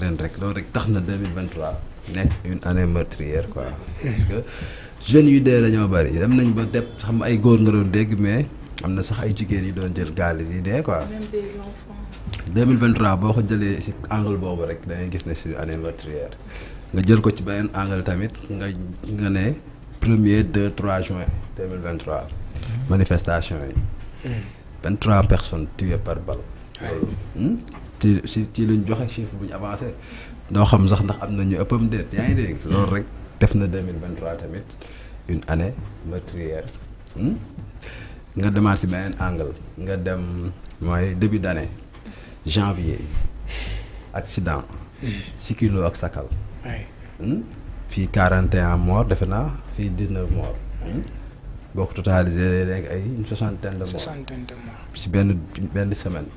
rek ren loolu rek tax na 2023 nekk une année meurtrière quoi parce que jeunes yu dee dañoo bari dem nañ ba dep xam ay góor nga doon dégg mais am na sax ay jigéen yi doon jël gaal yi dee quoi. même des enfants. boo ko jëlee si angle boobu rek da gis ne si une année meurtrière nga jël ko ci beneen angle tamit nga nga ne premier 2 3 juin 2023 manifestation yi. 23 hmm. personnes tuées par balle. ci ci lañ joxe chiffre bu ñu avancé doo xam sax ndax am na ñu ëppam déet yaa ngi dégg loolu rek def na vingt 2023 tamit une année meurtrière hmm? nga demaat si beneen angle nga dem mooy début d' année janvier accident kilo ak Sakal hmm? fii 41 morts defe naa fii 19 morts hmm? boo ko totalisé léeg-léeg ay une soixantaine de morts soixantaine de si benn benn semaine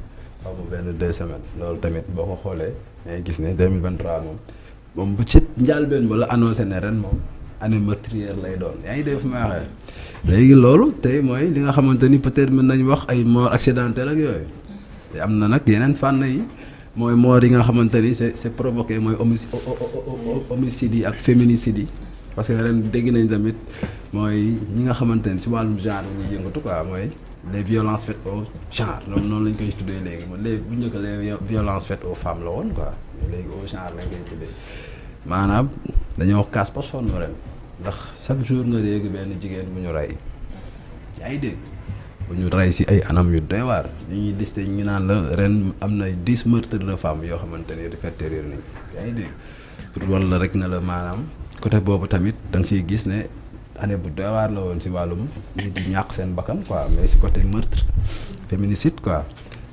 xaw ma benn deux semaines loolu tamit boo ko xoolee dangay gis ne 2023 moom moom bu ci njàlbeen ba la annoncé ne ren moom année meurtrière lay doon yaa ngi dégg fu may waxee léegi loolu tey mooy li nga xamante ni peut-être mën nañu wax ay mort accidentelle ak yooyu te am na nag yeneen fànn yi mooy mort yi nga xamante ni c'est c'est provoqué mooy homici homicide yi ak féminicide yi parce que ren dégg nañ tamit mooy ñi nga xamante ni si wàllum genre ñuy yëngatu quoi mooy les violences faites au genre noonu lañ koy tuddee léegi man léegi bu njëkk les violences faites aux femmes la woon quoi léegi au genre lañ koy tuddee maanaam dañoo kaas ba sonn ren ndax chaque jour nga dégg benn jigéen bu ñu ray yaa ngi dégg bu ñu rey si ay anam yu doy waar ñu ñuy liste ñu naan la ren am na dix meurtres de femmes yoo xamante ni répertorié nañ yaa ngi dégg pour wan la rek na la maanaam côté boobu tamit da nga ciy gis ne. année bu doy waar la woon ci wàllum nit di ñàkk seen bakkan quoi mais si côté meurtre féminicide quoi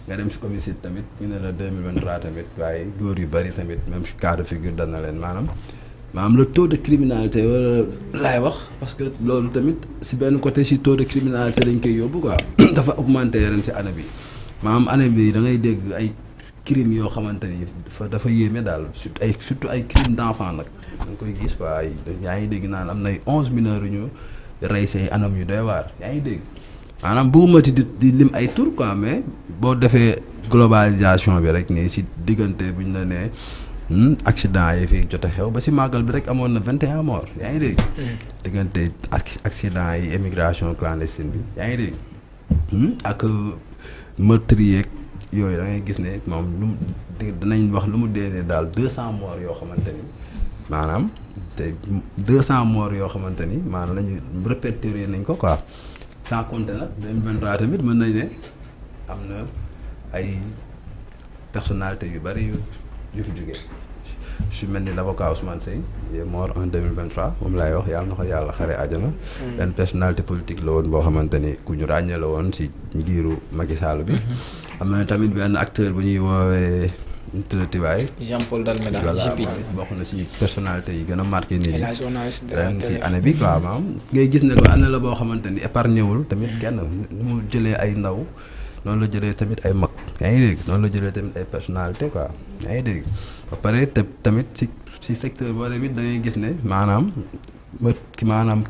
nga dem si homicide tamit ñu ne la 2023 tamit waaye góor yu bëri tamit même si cas de figure dana leen maanaam maanaam le taux de criminalité wala laay wax parce que loolu tamit si benn côté si taux de criminalité dañ koy yóbbu quoi dafa augmenté ren si année bi maanaam année bi da ngay dégg ay crimes yoo xamante ni fa dafa yéeme daal surtout ay surtout ay crimes d'enfant nag. da nga koy gis waaye yaa ngi dégg naan am nay onze mineurs yu ñu rey say anam yu doy waar yaa ngi dégg maanaam bëgguma ci di lim ay tour quoi mais boo defee globalisation bi rek nii si diggante bu ñu la nee hmm, accident fi jot xew ba si màggal bi rek amoon na vingt et un yaa ngi dégg. Hmm. diggante accident yi immigration clandestine bi yaa ngi dégg hmm, ak meurtrier yooyu da ngay gis ne moom lu dinañ wax lu mu dee daal deux cent morts yoo xamante ni. maanaam te 200 morts yoo xamante ni maanaam lañuy répertorier nañ ko quoi sans compter nag tamit mën nañ ne am na ay personnalités yu bari yu yu fi jugee su mel ni l' avocat Ousmane Seye il est mort en 2023 moom laay wax yàlla na ko yàlla xare àjjana. Mm. benn personnalité politique la woon boo xamante ni ku ñu ràññee la woon si njiiru Macky Sall bi. Mm-hmm. am na tamit benn acteur bu ñuy woowee. tëddati waay. Jean Paul Dalméda bokk na si personnalité yi gën a marqué nit ñi. ren si année bi quoi maam ngay gis ne ko année boo xamante ni épargné wul tamit kenn ni mu jëlee ay ndaw noonu la jëlee tamit ay mag yaa ngi dégg noonu la jëlee tamit ay personnalité quoi yaa ngi dégg ba pare tamit si. si secteur boo demit da ngay gis ne maanaam maanaam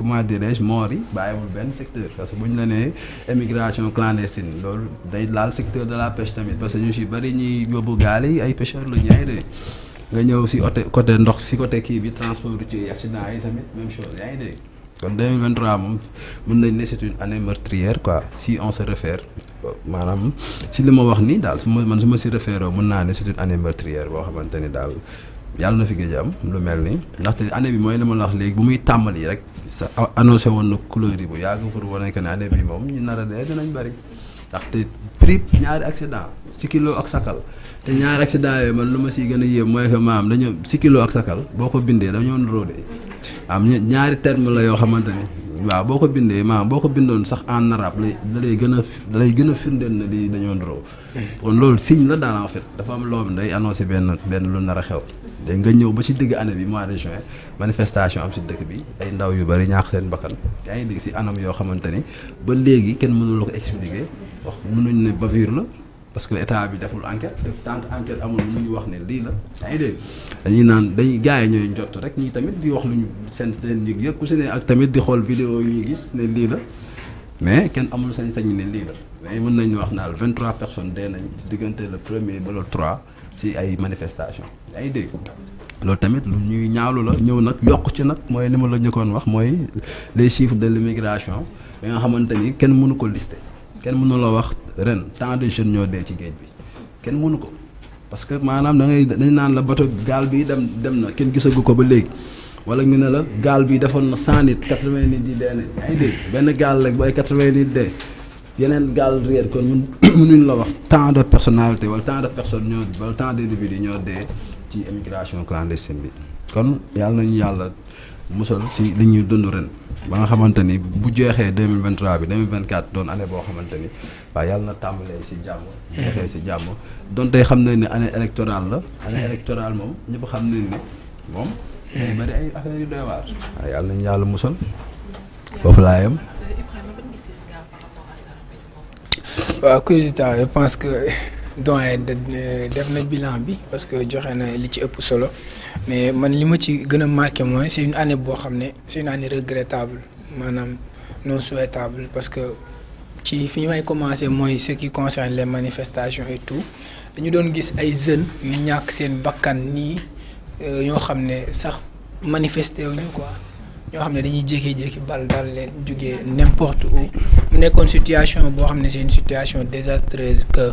comment dirais-je moor yi bàyyiwul benn secteur parce que bu ñu la nee émigration clandestine loolu day laal secteur de la pêche tamit parce que ñu si bëri ñuy yóbbu gaal yi ay pêcheurs la ñaay de nga ñëw si côté côté ndox si côté kii bi transport routier accident yi tamit même chose yaa ngi dégg kon 2023 moom mën nañ ne c'est une année meurtrière quoi si on se réfère maanaam si li ma wax nii daal su ma man su ma si référoo mën naa ne c'est une année boo xamante ni daal yàlla na fi géej am lu mel ni ndaxte année bi mooy li ma la léegi bu muy tàmbali rek sa annoncé woon na couleur yi bu yàgg pour wane que ne année bi moom ñu nara a dee dinañ bëri ndaxte prix ñaari accident si kilo ak sakal te ñaari accident yooyu man lu ma siy gën a yéem mooy que maam dañoo si kilo ak sakal boo ko bindee dañoo de am ñaari terme la yoo xamante ni waaw boo ko bindee maam boo ko bindoon sax en arabe lay lay gën a da lay gën a firndeel na lii dañoo ndoroo hmm. kon loolu signe la daal en fait dafa am loo day annoncé benn benn lu nar a xew da nga ñëw ba ci digg année bi mois de juin manifestation am si dëkk bi ay ndaw yu bëri ñaax seen mbakkan yaa digg si anam yoo xamante ni ba léegi kenn mënul la ko expliquer wax mënuñ ne bavure la parce que état bi deful enquête def tant enquête amul lu ñu wax ne lii la yaa ngi dañuy naan dañuy gars yi ñooy njott rek ñii tamit di wax lu ñu seen seen yëg yëpp ku si ne ak tamit di xool video yi gis ne lii la mais kenn amul sañ-sañ ne lii la mais mën nañu wax naal 23 personnes dee nañ diggante le premier ba le ci ay manifestation ay dégg loolu tamit lu ñuy ñaalu la ñëw nag yokk ci nag mooy li ma la njëkkoon wax mooy les chiffres de l'immigration yi nga xamante ni kenn mënu ko lister kenn mënu la wax ren tant de jeunes ñoo dee ci géej bi kenn mënu ko parce que maanaam da ngay dañ naan la bato gaal bi dem dem na kenn gisagu ko ba léegi wala ñu ne la gaal bi defoon na cent nit quatre-vingts nit yi dee nañ ay dégg benn gaal rek bu ay quatre-vingts nit dee yeneen gaal réer kon mun ñu la wax tant de personnalité wala tant de personnes ñoo wala tant d'individus ñoo dee ci immigration clandestine bi kon yàlla nañu yàlla musal ci li ñuy dund ren ba nga xamante ni bu jeexee vingt 2023 bi 2024 doon année boo xamante ni waaw yàlla na tàmbalee si jàmm jeexee si jàmm tey xam na ne année électorale la année mm-hmm. électorale moom ñëpp xam nañ ne moom mm-hmm. day bari ay affaires yu doy waar waaw yàlla nañu yàlla musal foofu laa yem waaw Kourizita je pense que doyen def na bilan bi parce que joxe na li ci ëpp solo mais man li ma ci gën a marqué mooy c'est une année boo xam ne c'est une année regrettable manaam non souhaitable parce que ci fi ñu may commencer mooy ce qui concerne les manifestations et tout dañu doon gis ay jeunes yu ñàkk seen bakkan nii ñoo euh, xam ne sax manifesté wuñu quoi. ñoo xam ne dañuy jékki-jékki bal daal leen jógee n'importe où mu nekkoon situation boo xam ne seen une situation désastreuse que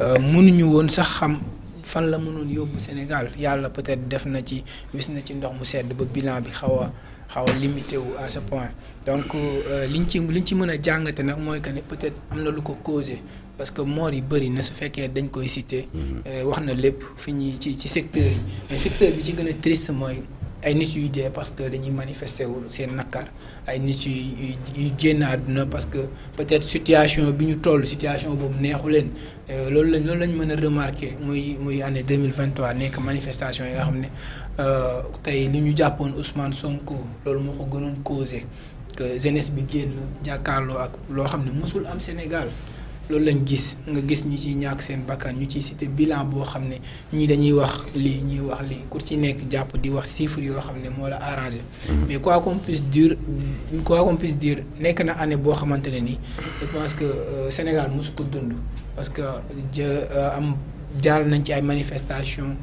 euh, mënuñu woon sax xam fan la mënoon yóbbu Sénégal yàlla peut-être def na ci wis na ci ndox mu sedd ba bilan bi xaw a xaw a limité wu à ce point donc euh, liñ ci liñ ci mën a jàngate nag mooy que ne peut-être am na lu ko causé parce que moor yi bëri na su fekkee dañ koy cité. Mm-hmm. Euh, wax na lépp fi ñuy ci ci secteur yi mais secteur bi ci gën a triste mooy. ay nit yuy de parce que dañuy manifester wu seen nakar ay nit yuy yuy génn àdduna parce que peut-être situation bi ñu toll situation boobu neexu leen euh, loolu lañ loolu lañ mën a remarquer muy muy année deux mille vingt trois nekk manifestation yi nga xam ne euh, tey li ñu jàppoon Ousmane Sonko loolu moo ko gënoon causé que jeunesse bi génn jàkkaarloo ak loo xam ne mosul am Sénégal. loolu lañ gis nga gis ñu ci ñàkk seen bakkan ñu ciy cité bilan boo xam ne ñii dañuy wax lii ñuy wax lii ku ci nekk jàpp di wax chiffre yoo xam ne moo la arrangé mhm. mais quoi qu'on puisse dire quoi qu'on puisse dire nekk na année boo xamante ne nii je pense que euh, Sénégal mosu ko dund parce que euh, am jaar nañ ci ay manifestation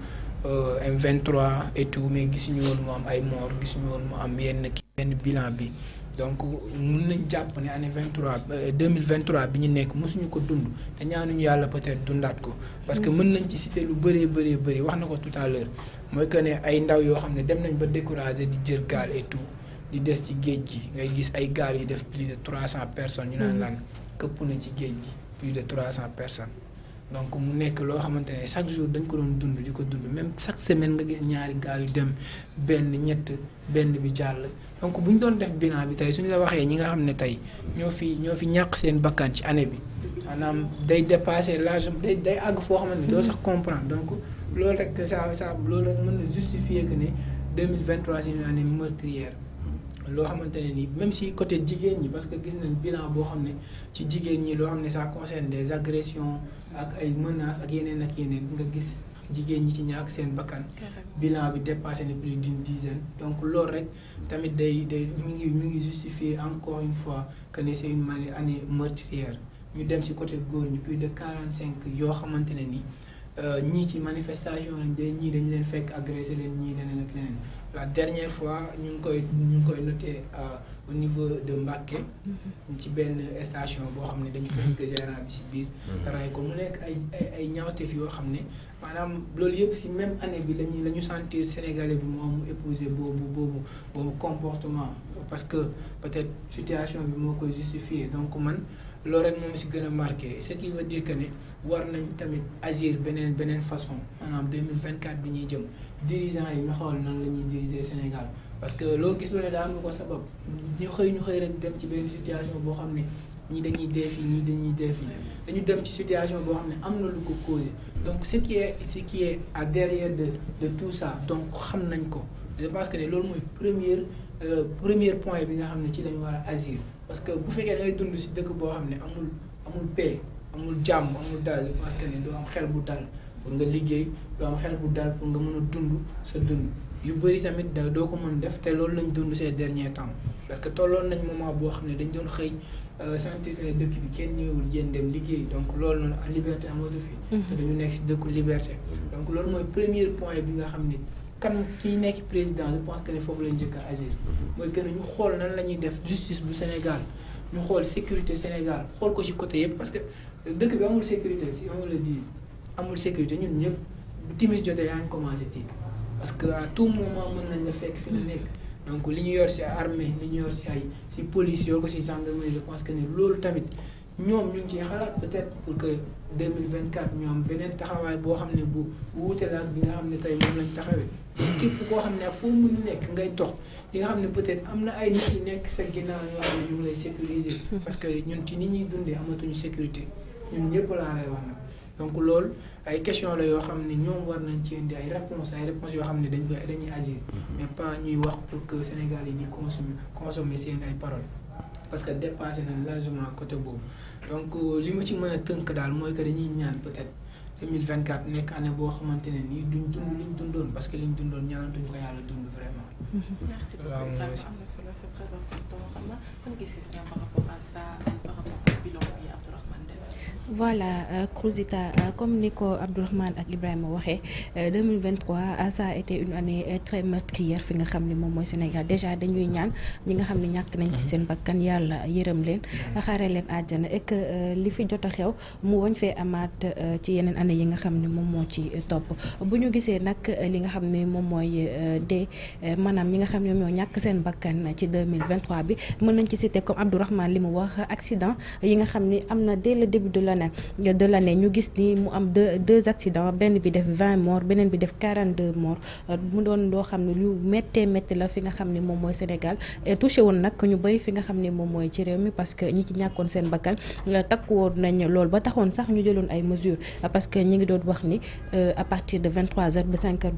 euh, M23 et tout mais gisuñu woon mu am ay mort gisuñu woon mu am yenn kii benn bilan bi donc mun nañ jàpp ne année vingt trois euh, deux mille vingt trois bi ñu nekk mosuñu ko dund te ñaanuñu yàlla peut-être dundaat ko. parce que mën nañ ci citer lu bëree bëree bëri wax na ko tout à mooy que ne ay ndaw yoo xam ne dem nañ ba découragé di jël gaal et di des ci géej gi ngay gis ay gaal yi def plus de trois cent personnes. ñu naan mm-hmm. lan këpp nañ ci géej gi plus de trois cent personnes. donc mu nekk loo xamante ne chaque jour dañ ko doon dund di ko dund même chaque semaine nga gis ñaari gaal yu dem benn ñett benn bi jàll donc bu ñu doon def bilan bi tey suñu la waxee ñi nga xam ne tey ñoo fi ñoo fi ñàkk seen bakkan ci année bi maanaam day dépassé large day day àgg foo xamante ne doo sax comprendre donc loolu rek ça ça loolu rek mën na justifier que ne 2023 c'est une année meurtrière loo xamante ne nii même si côté jigéen ñi parce que gis nañ bilan boo xam ne ci jigéen ñi loo xam ne ça concerne des agressions ak ay menaces ak yeneen ak yeneen nga gis jigéen ñi ci ñàkk seen bakkan bilan bi dépassé na plus d'une dizaine donc loolu rek tamit day day mu ngi mu ngi justifier encore une fois que ne c'est une année meurtrière ñu dem ci côté góor ñi plus de quarante cinq yoo xamante ne ni Euh, ñii ci manifestation lañ de ñii dañ leen fekk agressé leen ñii leneen ak leneen la dernière fois ñu ngi koy ñu ngi koy noté euh, au niveau de Mbacké mm-hmm. ci benn station boo xam ne dañu fekk mm-hmm. gérant bi si biir mm-hmm. ray ko mu nekk ay ay ay ñaawteef yoo xam ne maanaam loolu yëpp si même année bi lañu la ñu sentir sénégalais bi moom mu épousé boobu boobu boobu comportement parce que peut-être situation bi moo koy justifié donc man loolu rek moom si gën a marqué ce qui veut dire que ne war nañ tamit agir beneen beneen façon maanaam 2024 bi ñuy jëm dirigeants yi ñu xool nan la ñuy diriger Sénégal parce que loo gis loolu daa am lu ko sabab ñu xëy ñu xëy rek dem ci benn situation boo xam ne ñii dañuy dee fii ñii dañuy dee fii dañu dem ci situation boo xam ne am na lu ko causé donc ce qui est ce qui est à derrière de de tout ça donc xam nañ ko je pense que ne loolu mooy première euh, premier point bi nga xam ne ci lañu war a agir parce que bu fekkee da ngay dund si dëkk boo xam ne amul amul paix amul jàmm amul dal je pense ne doo am xel bu dal pour nga liggéey doo am xel bu dal pour nga mën a dund sa dund yu bëri tamit da doo ko mën def te loolu lañ dund ces derniers temps parce que tolloon nañ moment boo xam ne dañ doon xëy euh, sentir ne dëkk bi kenn ñëwul yéen dem liggéey donc loolu noonu liberté amatu fi. Mm-hmm. te dañu nekk si dëkku liberté donc loolu mooy premier point bi nga xam ne kan kii nekk président je que ne foofu lañ njëkk a agir mhm. mooy gën xool nan la def justice bu Sénégal ñu xool sécurité Sénégal xool ko ci côté yëpp parce que dëkk bi amul sécurité si on le dit amul sécurité ñun ñëpp bu timis jotee yaa commencé tiit parce que tout moment mën nañ la fekk fi la mhm. nekk donc li ñu yor si armée li ñu yor si ay si police yor ko si gendarmerie que ne loolu tamit ñoom ñu ngi ciy peut-être pour que 2024 ñu am beneen taxawaay boo xam ne bu wute la ak bi nga xam ne tey moom lañ taxawee képp koo xam ne foo mun nekk ngay dox li nga xam ne peut-être am na ay nit yu nekk sa ginnaaw yoo xam ne ñu ngi lay sécuriser. Mm-hmm. parce que ñun ci nit ñuy dundee amatuñu sécurité ñun ñëpp laa lay wax na donc loolu ay question la yoo xam ne ñoom war nañ ci di ay réponses ay réponses yoo xam ne dañ koy dañuy agir mm-hmm. mais pas ñuy wax pour que Sénégal yi di consommer consommer seen ay paroles parce que dépassé na largement côté boobu donc euh, li ma ci mën a tënk daal mooy que dañuy ñaan peut-être. 2024 nekk année boo xamante ne nii duñ dund liñ dundoon parce que liñ dundoon ñaanatuñ ko yàlla dund vraiment. merci beaucoup vraiment am voilà Cruzita euh, euh, comme ni ko Abdourahmane ak Ibrahima waxee 2023 euh, ça a été une année très meurtrière fi nga xam ni moom mooy Sénégal déjà dañuy ñaan ñi nga xam ne ñàkk nañ ci seen bakkan yàlla yërëm leen mm-hmm. xaare leen àjjana et li fi jot a xew mu wañ fee amaat ci yeneen année yi nga xam ne moom moo ci topp bu ñu gisee nag li nga xam ne moom mooy de maanaam maanaam ñi nga xam ñoom ñoo ñàkk seen bakkan ci 2023 bi mën nañ ci citer comme Abdourahmane li mu wax accident yi nga xam ni am na dès le début de l'année de l'année ñu gis ni mu am deux deux accidents benn bi def 20 morts beneen bi def 42 morts mu doon doo xam ne lu méttee métti la fi nga xam ni moom mooy Sénégal touché woon nag ñu bëri fi nga xam ni moom mooy ci réew mi parce que ñi ci ñàkkoon seen bakkan euh, takk woon nañ lool ba taxoon sax ñu jëloon ay mesures parce que ñi ngi doon wax ni euh, à partir de 23 heures ba 5 heures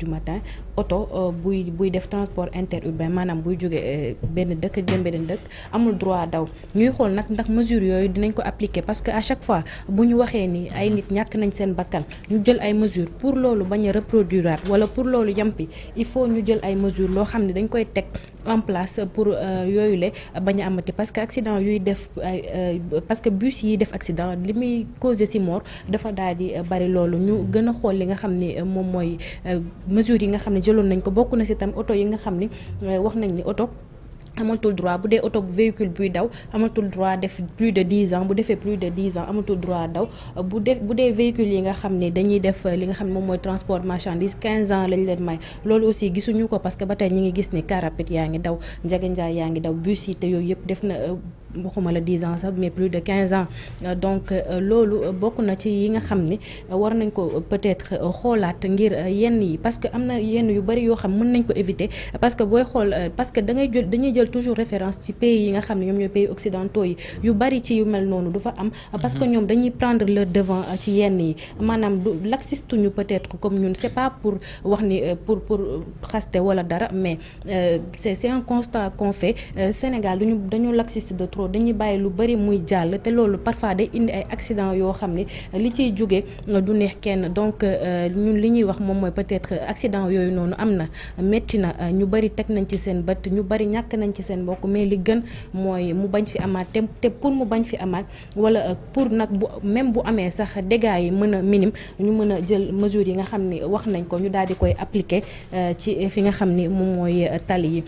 oto euh, buy buy def transport interurbain maanaam buy jógee euh, benn dëkk dem beneen dëkk amul droit daw ñuy xool nag ndax mesure yooyu dinañ ko appliquer parce que à chaque fois bu ñu waxee ni ay nit ñàkk nañ seen bakkan ñu jël ay mesures pour loolu bañ a reproduiraat wala pour loolu yampi il faut ñu jël ay mesures loo xam ne dañ koy teg en place pour euh, yooyu le bañ a amati parce que accident yuy def euh, parce que bus yi def accident li muy causé ci mort dafa daal di bari loolu ñu gën a xool li nga xam ne euh, moom mooy mesures yi nga xam ne jëloon nañ ko bokk na ci tam oto yi nga xam ne wax nañ ni oto amatul droit bu dee oto bu buy daw amatul droit def plus de dix ans bu defee plus de dix ans amatul droit daw bu def bu dee véhicule yi nga xam ne dañuy def li nga xam ne moom mooy transport marchandise quinze ans lañ leen may loolu aussi gisuñu ko parce que ba tey ñi ngi gis ni car rapide yaa ngi daw njaganjaay yaa ngi daw bus yi te yooyu yëpp def na euh, waxuma la 10 ans sax mais plus de 15 ans donc euh, loolu euh, bokk na ci yi nga xam ni euh, war nañ ko peut-être xoolaat ngir yenn yi parce que am na yenn yu bari yoo xam mën nañ ko éviter parce que booy xool parce que dangay ngay jël dañuy jël toujours référence ci pays yi nga xam ne ñoom ñooy pays occidentaux yi yu bari ci yu mel noonu du fa am mhm. parce que ñoom dañuy prendre le devant ci yenn yi maanaam du laxiste ñu peut-être comme ñun c'est pas pour wax ni pour pour xaste wala dara mais c'est c'est un constat qu'on fait dañuy bàyyi lu bari muy jàll te loolu parfois de indi ay accident yoo xam ne li ciy jóge euh, du neex kenn donc euh, ñun li ñuy wax moom mooy peut-être accident yooyu noonu am na métti na ñu bari teg nañ ci seen bët ñu bari ñàkk nañ ci seen mbokk mais li gën mooy mu bañ fi amaat te pour mu bañ fi amaat wala euh, pour nag bu même bu amee sax dégâts yi mën a minime ñu mën a jël mesures yi nga xam ni wax nañ ko ñu daal di koy appliquer ci fi nga xam ni moom mooy tali yi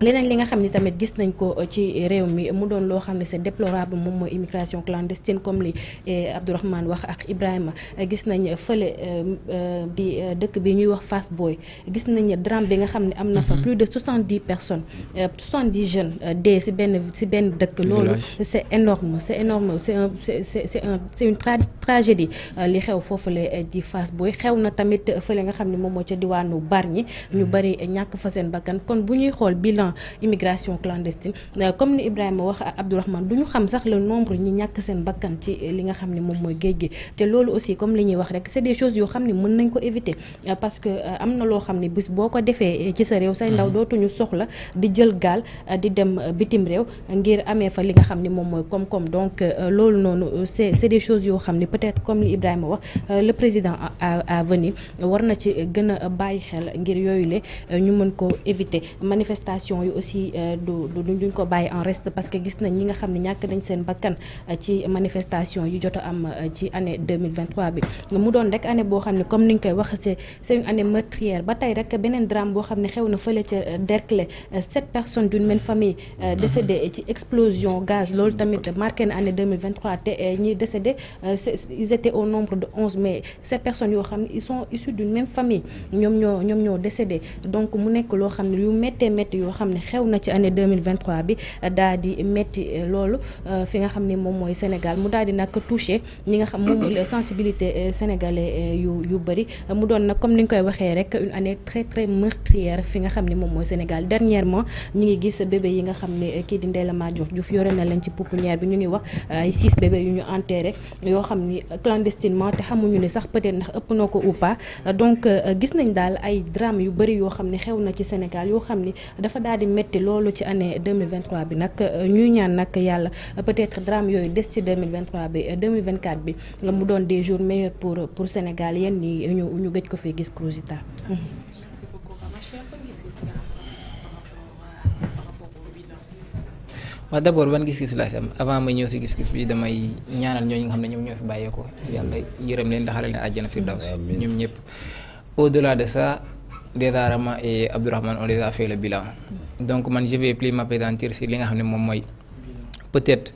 leneen li nga xam ni tamit gis nañ ko euh, ci euh, réew mi mu doon loo xam ne c'est déplorable moom mooy immigration clandestine comme li euh, Abdourahmane wax ak Ibrahima gis nañ fële di dëkk bi ñuy wax Fass Boy gis nañ drame bi nga xam ne am na fa mhm. plus de soixante-dix personnes soixante-dix jeunes dee si benn si benn dëkk loolu c'est énorme c'est énorme c'est un c'est c'est un c'est une tragédie li xew foofu foofule di Fass Boy xew na tamit fële nga xam ne moom moo ca diwaanu Bargny mhm. ñu bari ñàkk fa seen bakkan sans immigration clandestine euh, comme ni a wax Abdourahmane du ñu xam sax le nombre ñi ñàkk seen bakkan ci euh, li nga xam ne moom mooy géej gi te loolu aussi comme li ñuy wax rek c'est des choses yoo xam ne mën nañ ko éviter euh, parce que am na loo xam ne bis boo ko defee ci sa réew say ndaw mhm. dootuñu soxla di jël gaal di dem bitim réew ngir amee fa li nga xam ni moom mooy koom-koom donc loolu noonu c'est c'est des choses yoo xam ne peut-être comme li Ibrahima wax le président à na ci gën a bàyyi xel ngir yooyu population yu aussi euh, du duñ ko bàyyi en reste parce que gis nañ ñi nga xam ne ñàkk nañ seen bakkan euh, ci manifestation yu jot a am euh, ci année 2023 bi mu doon rek année boo xam ne comme niñ koy wax c'est c'est une année ba tey rek beneen drame boo xam ne xew na fële ca Derklé sept personnes d'une même famille mhm. décédées ci explosion gaz loolu tamit marqué na année te ñi décédé ils étaient au nombre de onze mais sept personnes yoo xam ne ils sont issus d'une xam ne xew na ci année 2023 bi daa di metti loolu euh, fi nga xam ne moom mooy Sénégal mu daal di nag touché ñi nga xam moom sensibilité euh, sénégalais euh, yu yu bëri mu doon nag comme ni nga koy waxee rek une année fi nga xam ne moom mooy Sénégal dernièrement ñi ngi gis bébé yi nga xam ne kii di Ndella Madior Diouf yore na leen ci pouponnière bi ñu ngi wax ay six bébé yu ñu enterré yoo xam ni clandestinement te xamuñu ni sax peut-être ndax ëpp noo ko ou pas donc gis nañ daal ay drame yu bëri yoo xam ni xew na ci Sénégal yoo xam ni dafa daal di loolu ci année 2023 bi nag euh, ñuy ñaan nag yàlla euh, peut-être drame yooyu des ci 2023 bi 2024 euh, bi la mu doon des jours meilleurs pour pour Sénégal yéen ñi ñu ñu gëj ko fee gis Cruzita. waaw d'abord ban gis-gis laa si am avant ma ñëw si gis-gis bi damay ñaanal ñooñu nga xam ne ñoom ñoo fi bàyyeekoo yàlla yërëm leen ndaxale leen àjjana firdaws ñoom ñëpp au delà de ça Désiré Rama et Abdourahmane on les a fait le donc man je vais plus m'appesantir si li nga xam ne moom mooy peut-être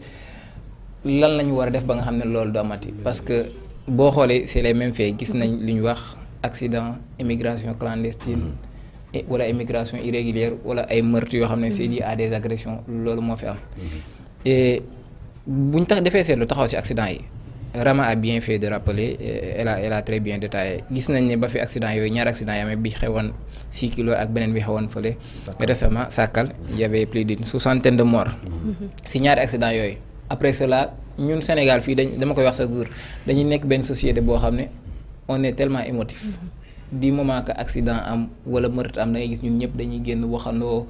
lan la ñu war a def ba nga xam ne loolu du amati parce que boo xoolee c'est les mêmes faits gis nañ li ñu wax accident immigration clandestine mm-hmm. wala immigration irrégulière wala ay meurtres yoo xam ne c'est lié à des agressions loolu moo fi am mm-hmm. et buñ tax defee seetlu taxaw si accident yi Rama a bien fait de rappeler euh, elle a elle a très bien détaillé gis nañ ne ba fi accident yooyu ñaar accident yi bi xewoon 6 kilos ak beneen bi xewoon fële. récemment Sakal y avait plus d'une soixantaine de morts. Mhm. si ñaari accident yooyu. après cela ñun Sénégal fii dañ dama koy wax sa góor dañuy nekk benn société boo xam ne on est tellement émotif. Mhm. du moment que accident am wala meurtre am da ngay gis ñun ñëpp dañuy génn waxandoo.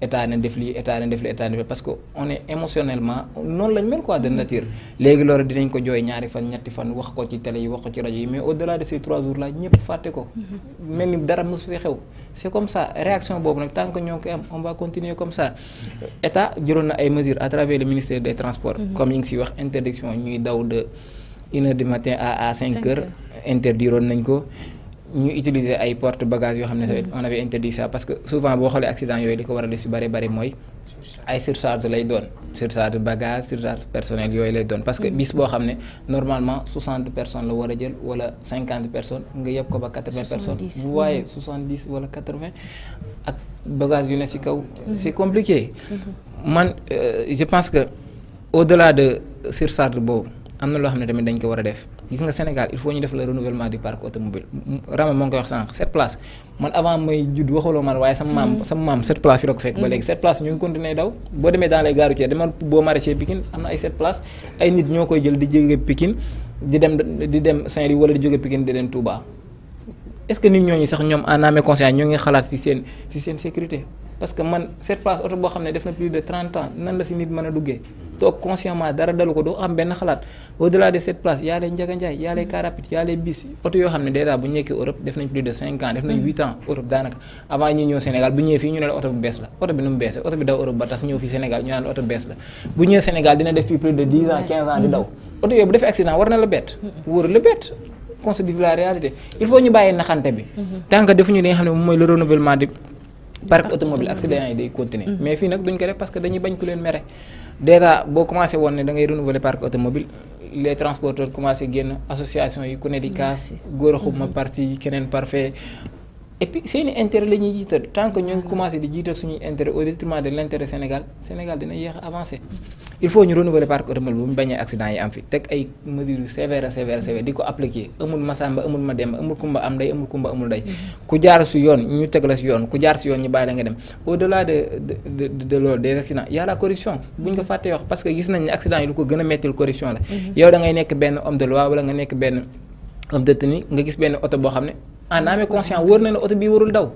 état ne def lii état ne def lii état ne def parce que on est émotionnellement noonu lañ mel quoi de nature léegi loolu dinañ ko jooy ñaari fan ñetti fan wax ko ci télé yi wax ko ci rajo yi mais au delà de ces trois jours là ñëpp fàtte ko mm-hmm. mel ni dara mosu fi xew c'est comme ça réaction boobu nag tant que ñoo ngi koy am on va continuer comme ça mm-hmm. état jëloon na ay mesures à travers le ministère des transports mm-hmm. comme yi ngi si wax interdiction ñuy daw de une heure du à à cinq heures nañ ko ñu utiliser ay porte bagages yoo xam ne tamit on avait interdit ça parce que souvent boo xoolee accident yooyu li ko war a def si bëri bëri mooy ay surcharge lay doon surcharge bagage surcharge personnel yooyu lay doon parce que bis boo xam ne normalement 60 personnes la war a jël wala 50 personnes nga yëpp ko ba 80 personnes vous voyez 70 wala 80 ak bagage yu ne si kaw mhm. c'est compliqué mhm. man euh, je pense que au delà de surcharge boobu am na loo xam ne tamit dañ ko war a def gis nga Sénégal il faut ñu def le renouvellement du parc automobile Rama moo ngi koy wax sànq sept places man avant may judd waxuloo man waaye sama maam mm. sama maam sept la ko fekk. ba mm. léegi sept places ñu ngi continuer daw boo demee dans les gares routières demal boo maraîcher Pikine am na ay sept places ay nit ñoo koy jël di jóge Pikine di dem di dem Saint-Louis wala di jóge Pikine di dem Touba est-ce que nit ñooñu sax ñoom en âme et ñoo ngi xalaat ci seen ci seen sécurité. parce que man surplace oto boo xam ne def na plus de trente nan la si nit mën a duggee toog consciemment dara dalu ko doo am benn xalaat au de cette place y a les Ndiaga Ndiaye y a les mm. car rapide yoo xam ne dèjà bu mm. ñëw Sénégal bu ñëw fii la oto bees la bu ñëwee Sénégal dina def fii plus de dix ans quinze ans di daw mm. oto yooyu bu defee accident war na la bett wóor la bett qu'on se réalité il faut ñu bàyyi naxante parc automobile ak accident yi day continuer mm. mais fii nag duñ ko def parce que dañuy bañ ku leen mere déjà boo commencé woon ne da ngay renouveler parc automobile les transporteurs commencé génn association yi ku ne di kaas góor ma xuma mm-hmm. parti keneen parfait et puis seeni intérêt la ñuy jiital tant que ñu ngi commencé di jiital suñuy intérêt au détriment de l' Sénégal Sénégal dina yéex avancé il faut ñu renouveler parc automobile bu mu bañee accident yi am fi teg ay mesures yu sévère sévère sévère di ko appliquer amul Masamba amul Mademba amul Kumba am ndey amul Kumba amul ndey ku jaar su yoon ñu teg la si yoon ku jaar si yoon ñu bàyyi la nga dem au delà de de de loolu des accidents ko fàttee wax parce que gis nañ ne accident yi corruption la mm-hmm. boo xam ne en âme et conscience wóor na ne oto bi warul daw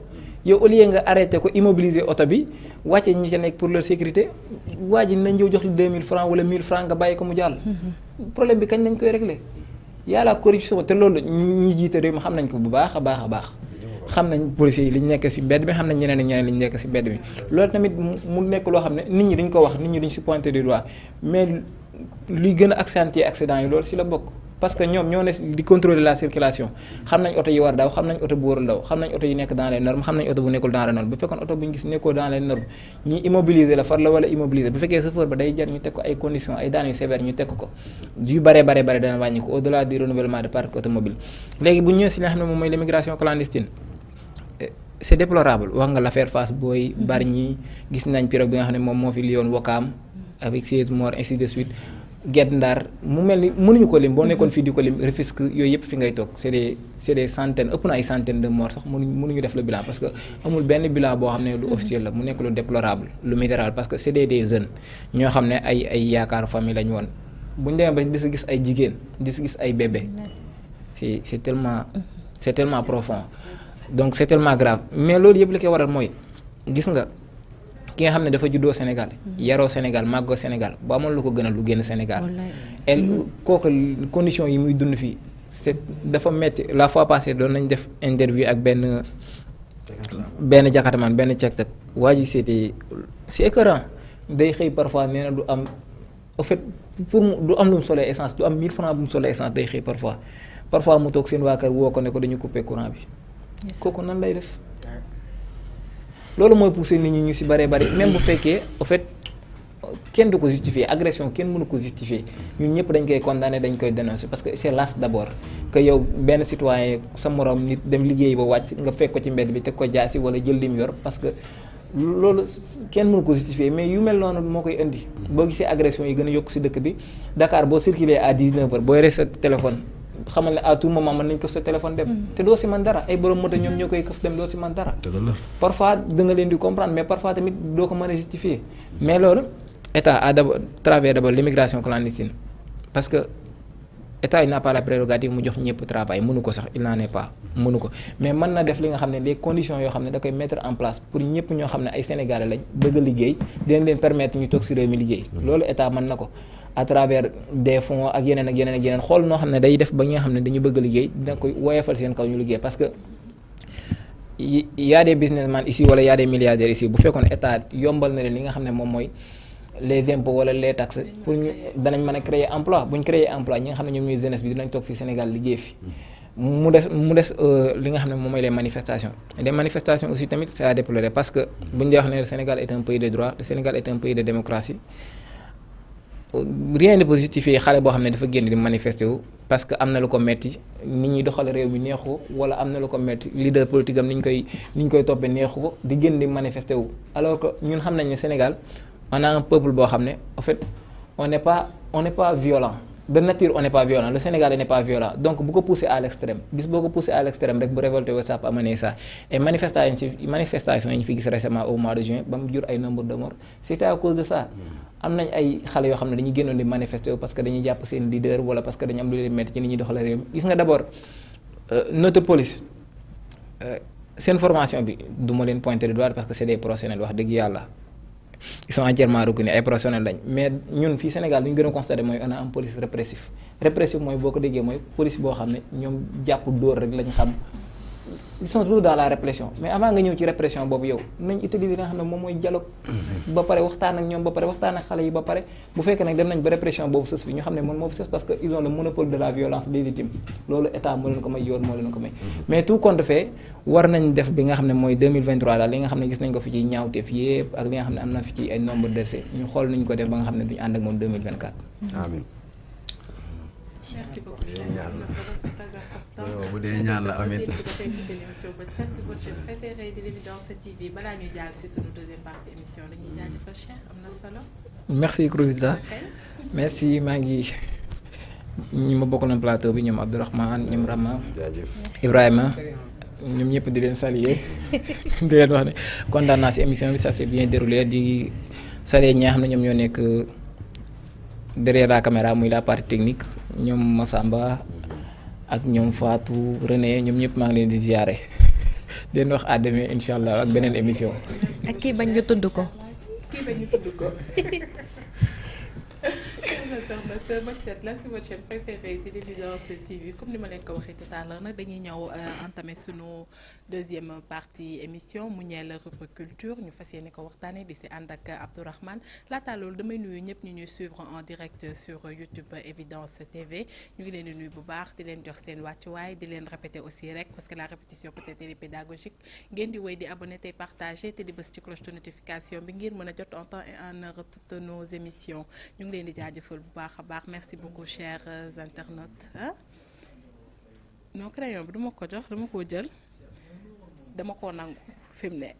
yow au lieu nga arrêté ko immobiliser oto bi wàcce ñi ca nekk pour leur sécurité waa nañ ñëw jox la 2000 francs wala 1000 francs nga bàyyi ko mu jàll. problème bi kañ nañ koy réglé yàlla corruption te loolu ñi jiite réew mi xam nañ ko bu baax a baax a baax. xam nañ policiers yi ñu nekk ci mbedd bi xam nañ ñeneen ak ñeneen liñ nekk ci mbedd mi loolu tamit mu nekk loo xam ne nit ñi duñ ko wax nit ñi duñ si pointé du doigt mais gën a accentuer accident yi loolu ci la bokk. parce que ñoom ñoo ne di contrôler la circulation xam nañ oto yi war daw xam nañ oto bu warul daw xam nañ oto yi nekk dans les normes xam nañ oto bu nekkul dans les bu fekkoon oto bu ñu gis nekkoo dans les normes ñi la far la wala immobiliser bu fekkee chauffeur ba day jar ñu teg ko ay conditions ay daan yu ñu teg ko yu bare bare dana wàññi au delà du renouvellement de parc automobile léegi bu ñu si li nga xam ne moom mooy l'immigration clandestine eh, c'est déplorable bi nga xam ne moom moo fi liyoon Wakaam avec Guet Ndar mu mel ni mënuñu ko lim boo nekkoon fii di ko lim Rufisque yooyu yëpp fi ngay toog c'est des c'est des centaines ëpp na ay centaines de morts sax mënuñu mënuñu def le bilan parce que amul benn bilan boo xam ne lu officiel la mu nekk lu déplorable lu minéral parce que c'est des des jeunes ñoo xam ne ay ay yaakaar famille lañu woon bu ñu demee ba di si gis ay jigéen di si gis ay bébé c'est c'est c'est tellement grave mais loolu yëpp li koy waral mooy gis nga. ki nga xam ne dafa juddoo Sénégal yaroo Sénégal màggoo Sénégal bu amoon lu ko gënal lu génn Sénégal et kooku condition yi muy dund fii c'est dafa metti la fois passée doon nañ def interview ak benn benn jakartamaan benn cek tak waa ji c'était c'est écœurant day xëy parfois nee na du am en fait pour mu du am lu mu solee essence du am 1000 francs bu mu solee essence day xëy parfois parfois mu toog seen waa kër woo ko ne ko dañu couper courant bi kooku nan lay def loolu mooy pousser nit ñi ñu si bëree bëri même bu fekkee au fait kenn du ko justifier agression kenn mënu ko justifier ñun ñëpp dañ koy condamner dañ koy dénoncer parce que c'est las d'abord que yow benn citoyen sa moroom nit dem liggéey ba wàcc nga fekk ko ci mbedd bi teg ko jaasi wala jël lim yor parce que loolu kenn mënu ko justifier mais yu mel noonu moo koy indi. boo gisee agression yi gën a yokk si dëkk bi Dakar boo circuler à 19h booy rey téléphone. xamal ne à tout moment mën nañ këf sa téléphone dem mm. te doo si man dara ay borom moto ñoom ñoo koy këf dem doo si man dara parfois da leen di comprendre mais parfois tamit doo ko mën a justifier mais loolu à d'abord travers d'abord parce que état il n'a pas la prérogative mu jox ñëpp travail mënu ko sax il n'en est pas mënu ko mais mën na def li nga xam ne les conditions yoo xam ne da koy mettre en place pour ñëpp ñoo xam ne ay sénégalais lañ bëgg a liggéey dinañ leen permettre ñu toog si réew mi liggéey loolu état mën na ko à travers des fonds ak yeneen ak yeneen xool noo xam ne day def ba ñi xam ne dañu bëgg liggéey dina koy woyefal seen kaw ñu liggéey parce que y a des businessmen ici wala y a des milliardaires ici bu fekkoon état yombal na leen li nga xam ne moom mooy les impôts wala les taxes pour ñu danañ mën a créer emploi bu ñu xam ne ñoom ñooy jeunesse bi dinañ toog fi Sénégal euh, li nga xam ne moom mooy les manifestations les manifestations aussi tamit c'est à déplorer parce que bu ñu dee wax ne Sénégal est un pays de droit le Sénégal est pays de démocratie rien ne peut justifier xale boo xam ne dafa génn di manifester parce que am na lu ko metti nit ñi doxal réew mi neexu ko wala am na lu ko metti leader politique am ni ñu koy ni ñu koy toppee neexu ko di génn di manifester wu. alors que ñun xam nañ ne Sénégal on a un boo xam ne en fait on ne pas on n'est pas violent. de nature on n'est pas violent le Sénégalais n'est donc bu ko pousser à l'extrême bis boo ko pousser à l'extrême rek bu révolté woo ça peut amener ça manifestation yi ñu fi gis récemment au mois de juin ba mu jur ay nombre de morts à cause de ça hmm. am nañ ay xale yoo xam ne dañuy génnoon di manifester parce que dañuy jàpp seen leader wala parce que dañu am lu leen metti ci ni ñuy doxale réew mi gis nga d'abord euh, notre police euh, seen formation bi du ma leen pointer dëgg yàlla ils sont entièrement reconnus ay professionnels lañ mais ñun fii Sénégal li ñu gën a constaté mooy on a am police répressif répressif mooy boo ko déggee mooy police boo xam ne ñoom jàpp dóor rek lañ xam ils sont toujours dans la répression mais avant nga ñëw ci répression boobu yow nañ utiliser li nga xam ne moom mooy dialogue mhm. ba pare waxtaan ak ñoom ba pare waxtaan ak xale yi ba pare bu fekkee nag dem nañ ba répression boobu sës fi ñu xam ne moom moo fi parce que ils ont le de la violence légitime loolu état moo leen ko may mhm. mais tout compte fait war nañ def bi nga xam ne mooy 2023 daal li nga xam ne gis nañ ko fi ci merci beaucoup merci Cruzita maa ngi ñi ma bokkaloon plateau bi ñoom Abdourahmane ñoom Rama Ibrahima ñoom ñëpp di leen saluer di leen wax ne kontaan naa émission bi ça s'est bien déroulé di saluer ñi xam ne ñoom ñoo nekk derrière la caméra muy la partie technique ñoom Massamba ak ñoom Fatou René ñoom ñëpp maa ngi leen di ziare den wax à demain incha allah ak beneen émission. ak kii bañ ñu tudd ko. internautes Mat Set comme ni ma leen ko waxee tout à l'heure nag dañuy ñëw euh, entamé sunu deuxième partie émission mu ñeel rubrique culture ñu fas yéene ko waxtaanee di si ànd ak Abdourahmane laata loolu damay nuyu ñëpp ñu ñuy suivre en direct sur YouTube Evidence TV ñu ngi leen di nuy bu baax di leen jox seen wàccuwaay di leen répéter aussi rek parce que la répétition peut-être elle est pédagogique ngeen di wéy di abonné tey partagé te di bës ci cloche de notification bi ngir mën a jot en temps baax a baax merci beaucoup chers euh, internautes no non crayon bi duma ko jox dama koo jël dama koo nangu fi ne